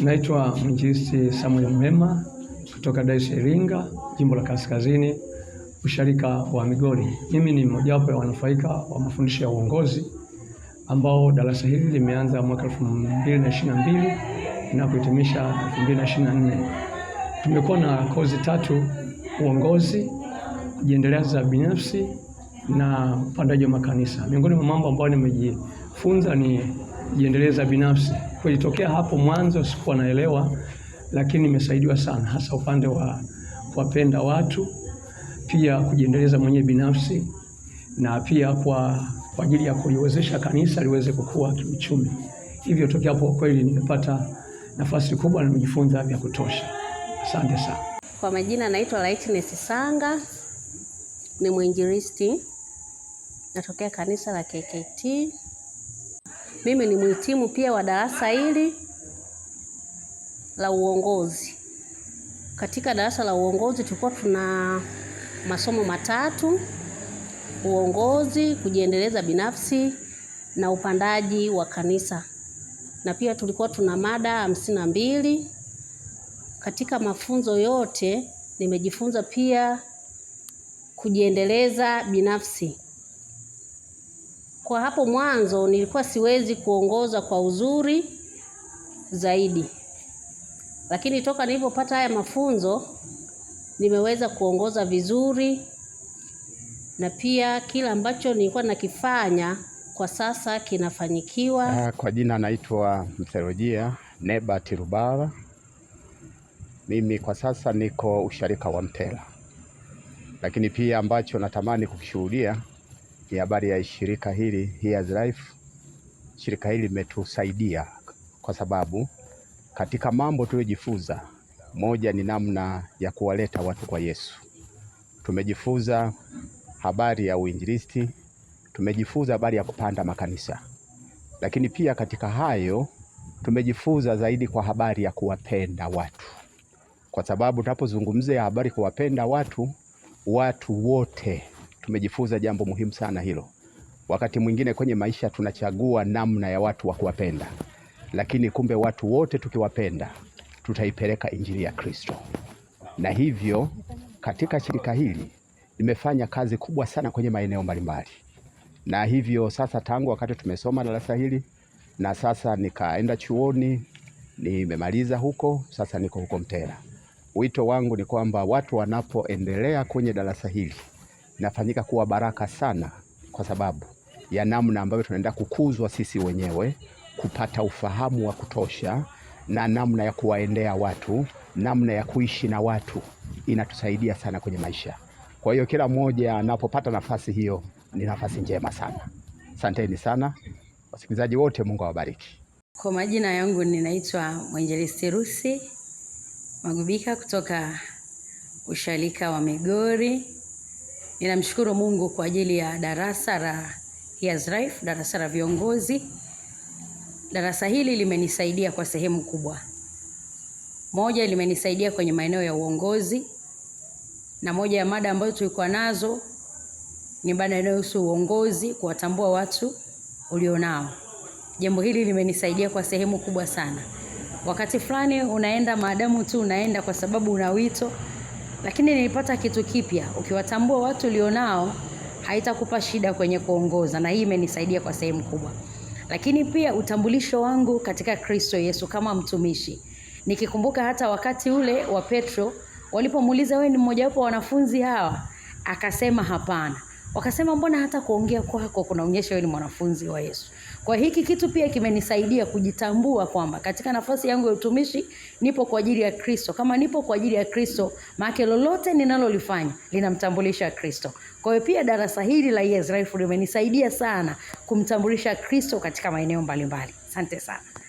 Naitwa Mjisi Samuel Mema kutoka Dar es Salaam Iringa, jimbo la Kaskazini, usharika wa Migori. Mimi ni mmojawapo ya wanufaika wa mafundisho ya uongozi ambao darasa hili limeanza mwaka 2022 na kuhitimisha 2024. Tumekuwa na kozi tatu: uongozi, kujiendeleza za binafsi na upandaji wa makanisa. Miongoni mwa mambo ambayo nimejifunza ni kujiendeleza binafsi. Kulitokea hapo mwanzo sikuwa naelewa, lakini nimesaidiwa sana, hasa upande wa kuwapenda watu, pia kujiendeleza mwenyewe binafsi na pia kwa kwa ajili ya kuliwezesha kanisa liweze kukua kiuchumi. Hivyo tokea hapo kweli nimepata nafasi kubwa na nimejifunza vya kutosha. Asante sana. Kwa majina naitwa Lightness Sanga, ni mwinjilisti natokea kanisa la KKT. Mimi ni mhitimu pia wa darasa hili la uongozi. Katika darasa la uongozi tulikuwa tuna masomo matatu: uongozi, kujiendeleza binafsi na upandaji wa kanisa, na pia tulikuwa tuna mada hamsini na mbili. Katika mafunzo yote nimejifunza pia kujiendeleza binafsi. Kwa hapo mwanzo nilikuwa siwezi kuongoza kwa uzuri zaidi, lakini toka nilipopata haya mafunzo nimeweza kuongoza vizuri, na pia kila ambacho nilikuwa nakifanya kwa sasa kinafanyikiwa. Ah, kwa jina naitwa mtherojia neba tirubala Mimi kwa sasa niko usharika wa Mtela, lakini pia ambacho natamani kukishuhudia ni habari ya shirika hili Here's Life. Shirika hili limetusaidia kwa sababu katika mambo tuliyojifunza, moja ni namna ya kuwaleta watu kwa Yesu. Tumejifunza habari ya uinjilisti, tumejifunza habari ya kupanda makanisa, lakini pia katika hayo tumejifunza zaidi kwa habari ya kuwapenda watu, kwa sababu tunapozungumzia habari kuwapenda watu, watu wote tumejifunza jambo muhimu sana hilo. Wakati mwingine kwenye maisha tunachagua namna ya watu wa kuwapenda, lakini kumbe watu wote tukiwapenda, tutaipeleka injili ya Kristo. Na hivyo katika shirika hili imefanya kazi kubwa sana kwenye maeneo mbalimbali, na hivyo sasa, tangu wakati tumesoma darasa hili na sasa nikaenda chuoni, nimemaliza huko, sasa niko huko Mtera. Wito wangu ni kwamba watu wanapoendelea kwenye darasa hili nafanyika kuwa baraka sana, kwa sababu ya namna ambayo tunaenda kukuzwa sisi wenyewe kupata ufahamu wa kutosha na namna ya kuwaendea watu, namna ya kuishi na watu inatusaidia sana kwenye maisha. Kwa hiyo kila mmoja anapopata nafasi hiyo ni nafasi njema sana. Asanteni sana wasikilizaji wote, Mungu awabariki. Kwa majina yangu ninaitwa Mwenjelisti Rusi Magubika kutoka Usharika wa Migori. Ninamshukuru Mungu kwa ajili ya darasa la Life, darasa la viongozi. Darasa hili limenisaidia kwa sehemu kubwa. Moja, limenisaidia kwenye maeneo ya uongozi, na moja ya mada ambayo tulikuwa nazo ni mada inayohusu uongozi, kuwatambua watu ulionao. Jambo hili limenisaidia kwa sehemu kubwa sana. Wakati fulani unaenda maadamu tu unaenda kwa sababu una wito lakini nilipata kitu kipya, ukiwatambua watu ulionao haitakupa shida kwenye kuongoza, na hii imenisaidia kwa sehemu kubwa. Lakini pia utambulisho wangu katika Kristo Yesu kama mtumishi, nikikumbuka hata wakati ule wa Petro walipomuuliza, wewe ni mmojawapo wa wanafunzi hawa? Akasema hapana. Wakasema mbona hata kuongea kwako kunaonyesha wewe ni mwanafunzi wa Yesu. Kwa hiki kitu pia kimenisaidia kujitambua kwamba katika nafasi yangu ya utumishi nipo kwa ajili ya Kristo. Kama nipo kwa ajili ya Kristo, maana lolote ninalolifanya linamtambulisha Kristo. Kwa hiyo pia darasa hili la Yes Life limenisaidia sana kumtambulisha Kristo katika maeneo mbalimbali. Asante sana.